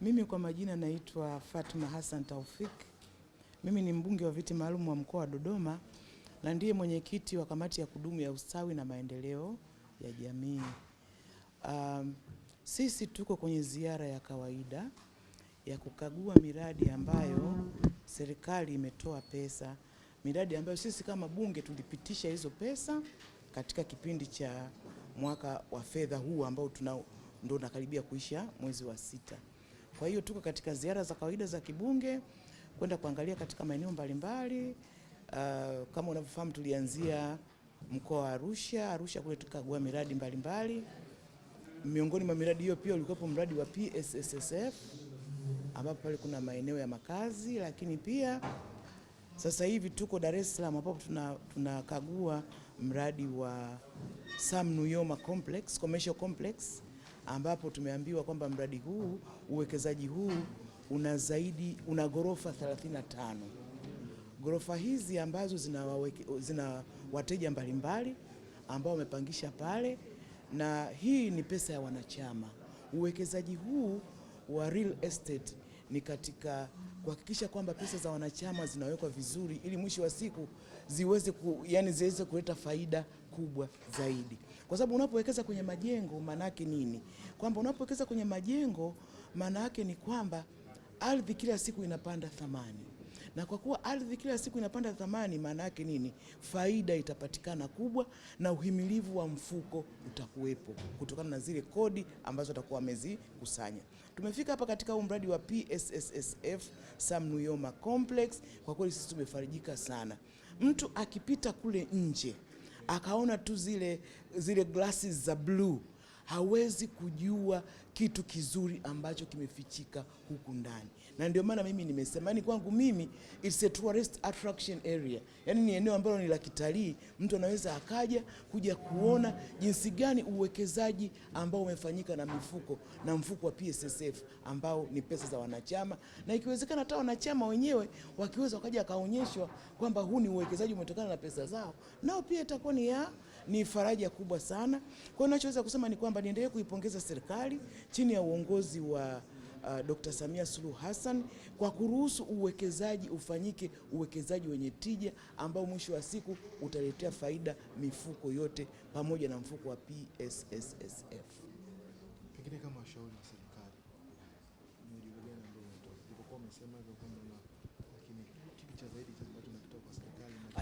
Mimi kwa majina naitwa Fatma Hassan Taufik. Mimi ni mbunge wa viti maalum wa mkoa wa Dodoma na ndiye mwenyekiti wa kamati ya kudumu ya ustawi na maendeleo ya jamii. Um, sisi tuko kwenye ziara ya kawaida ya kukagua miradi ambayo serikali imetoa pesa, miradi ambayo sisi kama bunge tulipitisha hizo pesa katika kipindi cha mwaka wa fedha huu ambao tuna ndo unakaribia kuisha mwezi wa sita. Kwa hiyo tuko katika ziara za kawaida za kibunge kwenda kuangalia katika maeneo mbalimbali. Uh, kama unavyofahamu tulianzia mkoa wa Arusha. Arusha kule tukagua miradi mbalimbali mbali. Miongoni mwa miradi hiyo pia ulikuwepo mradi wa PSSSF ambapo pale kuna maeneo ya makazi, lakini pia sasa hivi tuko Dar es Salaam ambapo tunakagua tuna mradi wa Sam Nujoma Complex, commercial complex ambapo tumeambiwa kwamba mradi huu uwekezaji huu una zaidi una ghorofa 35. Ghorofa hizi ambazo zina, zina wateja mbalimbali ambao wamepangisha pale, na hii ni pesa ya wanachama. Uwekezaji huu wa real estate ni katika kuhakikisha kwamba pesa za wanachama zinawekwa vizuri ili mwisho wa siku ziweze ku, yani ziweze kuleta faida kubwa zaidi, kwa sababu unapowekeza kwenye majengo maana nini? Kwamba unapowekeza kwenye majengo maana yake ni kwamba ardhi kila siku inapanda thamani, na kwa kuwa ardhi kila siku inapanda thamani, maana yake nini? Faida itapatikana kubwa na uhimilivu wa mfuko utakuwepo kutokana na zile kodi ambazo watakuwa wamezikusanya. Tumefika hapa katika huu mradi wa PSSSF Sam Nujoma Complex. Kwa kweli sisi tumefarijika sana, mtu akipita kule nje akaona tu zile, zile glasses za bluu hawezi kujua kitu kizuri ambacho kimefichika huku ndani, na ndio maana mimi nimesema, yani kwangu mimi it's a tourist attraction area, yani ni eneo ambalo ni la kitalii, mtu anaweza akaja kuja kuona jinsi gani uwekezaji ambao umefanyika na mifuko na mfuko wa PSSF ambao ni pesa za wanachama, na ikiwezekana hata wanachama wenyewe wakiweza wakaja akaonyeshwa kwamba huu ni uwekezaji umetokana na pesa zao, nao pia itakuwa ni ya ni faraja kubwa sana. Kwa hiyo ninachoweza kusema ni kwamba niendelee kuipongeza serikali chini ya uongozi wa Uh, Dr. Samia Suluhu Hassan kwa kuruhusu uwekezaji ufanyike, uwekezaji wenye tija ambao mwisho wa siku utaletea faida mifuko yote pamoja na mfuko wa PSSSF. Pengine kama ushauri wa serikali ni ujumbe gani ambao unatoa? Ulipokuwa umesema hivyo kwamba lakini kitu cha zaidi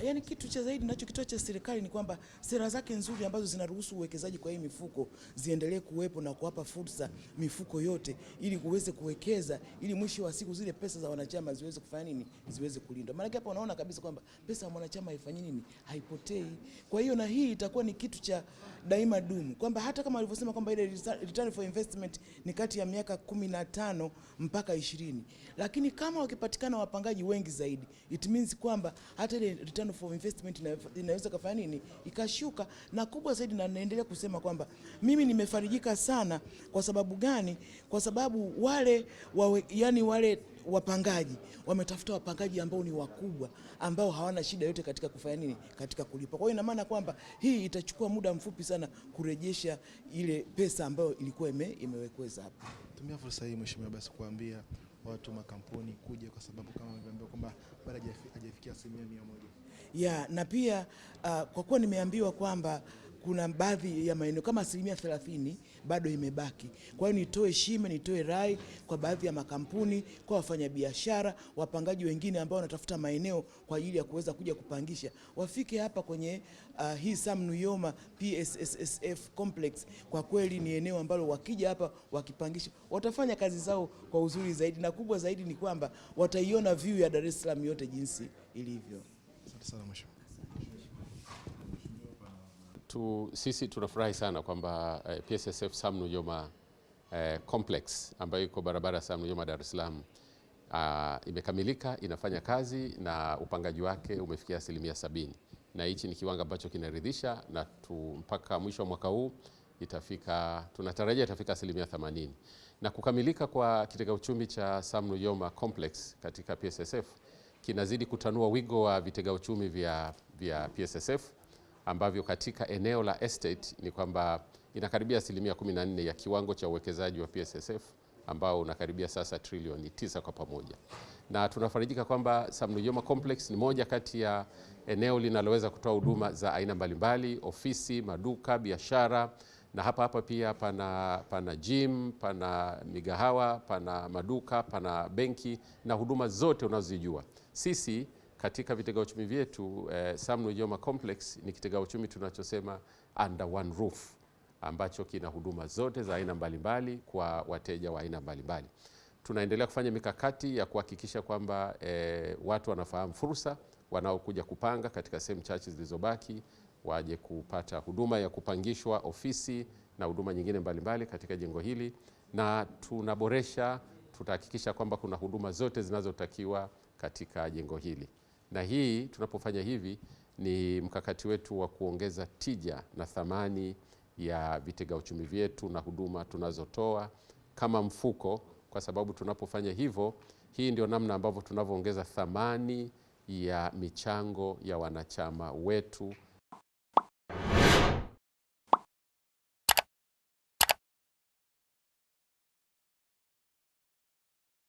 yani kitu cha zaidi ninachokitoa cha serikali ni kwamba sera zake nzuri ambazo zinaruhusu uwekezaji kwa hii mifuko ziendelee kuwepo na kuwapa fursa mifuko yote ili uweze kuwekeza ili mwisho wa siku zile pesa za wanachama ziweze kufanya nini? Ziweze kulindwa. Maana hapa unaona kabisa kwamba pesa ya mwanachama haifanyi nini? Haipotei. Kwa hiyo na hii itakuwa ni kitu cha daima dumu kwamba hata kama walivyosema kwamba ile return for investment ni kati ya miaka 15 mpaka 20, lakini kama wakipatikana wapangaji wengi zaidi it means kwamba hata ile return for investment inaweza kufanya nini ikashuka, na kubwa zaidi, na naendelea kusema kwamba mimi nimefarijika sana. Kwa sababu gani? Kwa sababu wale wawe, yani wale wapangaji wametafuta wapangaji ambao ni wakubwa ambao hawana shida yote katika kufanya nini, katika kulipa. Kwa hiyo ina maana kwamba hii itachukua muda mfupi sana kurejesha ile pesa ambayo ilikuwa imewekeza hapo. Tumia fursa hii mheshimiwa, basi kuambia watu makampuni kuja, kwa sababu kama nilivyoambiwa kwamba bado hajafikia asilimia mia moja. Yeah, na pia uh, kwa kuwa nimeambiwa kwamba kuna baadhi ya maeneo kama asilimia thelathini bado imebaki. Kwa hiyo nitoe shime, nitoe rai kwa baadhi ya makampuni, kwa wafanyabiashara, wapangaji wengine ambao wanatafuta maeneo kwa ajili ya kuweza kuja kupangisha, wafike hapa kwenye uh, hii Sam Nujoma PSSSF complex. Kwa kweli ni eneo ambalo wakija hapa wakipangisha, watafanya kazi zao kwa uzuri zaidi, na kubwa zaidi ni kwamba wataiona view ya Dar es Salaam yote jinsi ilivyo. Asante sana mheshimiwa tu, sisi tunafurahi sana kwamba eh, PSSF Sam Nujoma eh, complex ambayo iko barabara Sam Nujoma Dar es Salaam uh, imekamilika inafanya kazi na upangaji wake umefikia asilimia sabini na hichi ni kiwango ambacho kinaridhisha na tu, mpaka mwisho wa mwaka huu itafika tunatarajia itafika asilimia 80 na kukamilika kwa kitega uchumi cha Sam Nujoma complex katika PSSF kinazidi kutanua wigo wa vitega uchumi vya, vya PSSF ambavyo katika eneo la estate ni kwamba inakaribia asilimia 14 ya kiwango cha uwekezaji wa PSSF ambao unakaribia sasa trilioni tisa kwa pamoja, na tunafarijika kwamba Sam Nujoma Complex ni moja kati ya eneo linaloweza kutoa huduma za aina mbalimbali: ofisi, maduka, biashara na hapa hapa pia pana, pana gym, pana migahawa, pana maduka, pana benki na huduma zote unazozijua sisi katika vitega uchumi vyetu eh, Sam Nujoma Complex ni kitega uchumi tunachosema under one roof ambacho kina huduma zote za aina mbalimbali kwa wateja wa aina mbalimbali. Tunaendelea kufanya mikakati ya kuhakikisha kwamba eh, watu wanafahamu fursa, wanaokuja kupanga katika sehemu chache zilizobaki waje kupata huduma ya kupangishwa ofisi na huduma nyingine mbalimbali katika jengo hili, na tunaboresha, tutahakikisha kwamba kuna huduma zote zinazotakiwa katika jengo hili na hii tunapofanya hivi ni mkakati wetu wa kuongeza tija na thamani ya vitega uchumi vyetu na huduma tunazotoa kama mfuko, kwa sababu tunapofanya hivyo, hii ndio namna ambavyo tunavyoongeza thamani ya michango ya wanachama wetu